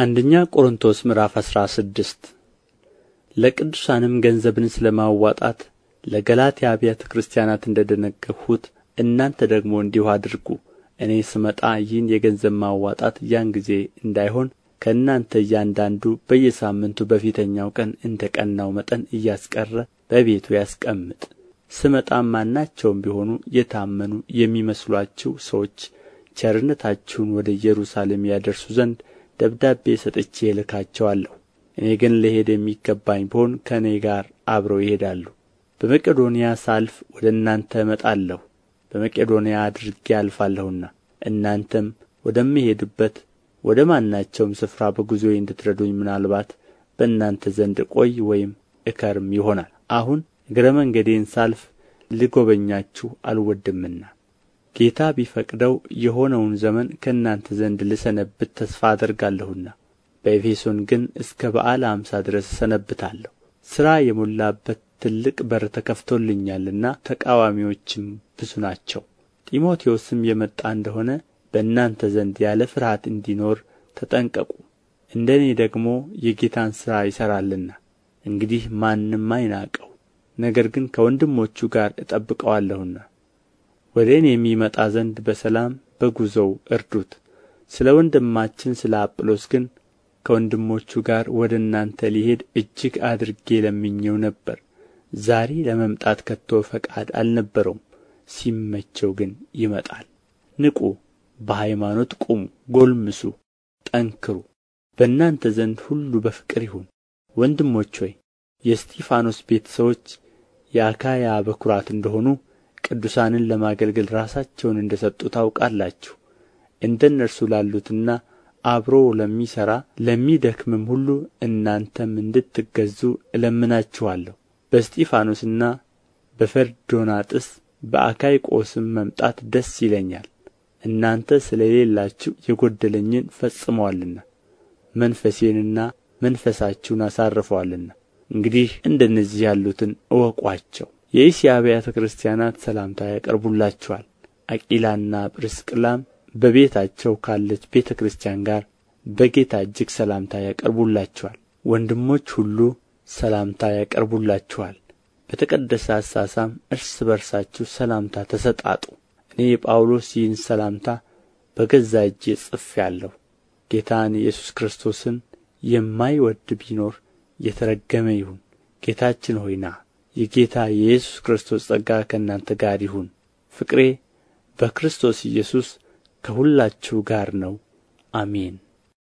አንደኛ ቆሮንቶስ ምዕራፍ አስራ ስድስት ለቅዱሳንም ገንዘብን ስለ ማዋጣት ለገላትያ አብያተ ክርስቲያናት እንደ እናንተ ደግሞ እንዲሁ አድርጉ። እኔ ስመጣ ይህን የገንዘብ ማዋጣት ያን ጊዜ እንዳይሆን ከእናንተ እያንዳንዱ በየሳምንቱ በፊተኛው ቀን እንደ ቀናው መጠን እያስቀረ በቤቱ ያስቀምጥ። ስመጣም ማናቸውም ቢሆኑ የታመኑ የሚመስሏችሁ ሰዎች ቸርነታችሁን ወደ ኢየሩሳሌም ያደርሱ ዘንድ ደብዳቤ ሰጥቼ እልካቸዋለሁ እኔ ግን ልሄድ የሚገባኝ ብሆን ከእኔ ጋር አብረው ይሄዳሉ በመቄዶንያ ሳልፍ ወደ እናንተ እመጣለሁ በመቄዶንያ አድርጌ አልፋለሁና እናንተም ወደምሄድበት ወደ ማናቸውም ስፍራ በጉዞዬ እንድትረዱኝ ምናልባት በእናንተ ዘንድ እቆይ ወይም እከርም ይሆናል አሁን እግረ መንገዴን ሳልፍ ልጎበኛችሁ አልወድምና ጌታ ቢፈቅደው የሆነውን ዘመን ከእናንተ ዘንድ ልሰነብት ተስፋ አደርጋለሁና በኤፌሶን ግን እስከ በዓለ አምሳ ድረስ እሰነብታለሁ ሥራ የሞላበት ትልቅ በር ተከፍቶልኛልና ተቃዋሚዎችም ብዙ ናቸው ጢሞቴዎስም የመጣ እንደሆነ በእናንተ ዘንድ ያለ ፍርሃት እንዲኖር ተጠንቀቁ እንደ እኔ ደግሞ የጌታን ሥራ ይሠራልና እንግዲህ ማንም አይናቀው ነገር ግን ከወንድሞቹ ጋር እጠብቀዋለሁና ወደ እኔም ይመጣ ዘንድ በሰላም በጉዞው እርዱት ስለ ወንድማችን ስለ አጵሎስ ግን ከወንድሞቹ ጋር ወደ እናንተ ሊሄድ እጅግ አድርጌ ለምኜው ነበር ዛሬ ለመምጣት ከቶ ፈቃድ አልነበረውም ሲመቸው ግን ይመጣል ንቁ በሃይማኖት ቁሙ ጎልምሱ ጠንክሩ በእናንተ ዘንድ ሁሉ በፍቅር ይሁን ወንድሞች ሆይ የእስጢፋኖስ ቤተ ሰዎች የአካያ በኩራት እንደሆኑ ቅዱሳንን ለማገልገል ራሳቸውን እንደ ሰጡ ታውቃላችሁ እንደ እነርሱ ላሉትና አብሮ ለሚሠራ ለሚደክምም ሁሉ እናንተም እንድትገዙ እለምናችኋለሁ በእስጢፋኖስና በፈርዶናጥስ በአካይቆስም መምጣት ደስ ይለኛል እናንተ ስለሌላችሁ የጎደለኝን ፈጽመዋልና መንፈሴንና መንፈሳችሁን አሳርፈዋልና እንግዲህ እንደነዚህ ያሉትን እወቋቸው የእስያ አብያተ ክርስቲያናት ሰላምታ ያቀርቡላችኋል አቂላና ጵርስቅላም በቤታቸው ካለች ቤተ ክርስቲያን ጋር በጌታ እጅግ ሰላምታ ያቀርቡላችኋል ወንድሞች ሁሉ ሰላምታ ያቀርቡላችኋል በተቀደሰ አሳሳም እርስ በርሳችሁ ሰላምታ ተሰጣጡ እኔ የጳውሎስ ይህን ሰላምታ በገዛ እጄ ጽፌአለሁ ጌታን ኢየሱስ ክርስቶስን የማይወድ ቢኖር የተረገመ ይሁን ጌታችን ሆይ ና የጌታ የኢየሱስ ክርስቶስ ጸጋ ከእናንተ ጋር ይሁን። ፍቅሬ በክርስቶስ ኢየሱስ ከሁላችሁ ጋር ነው። አሜን።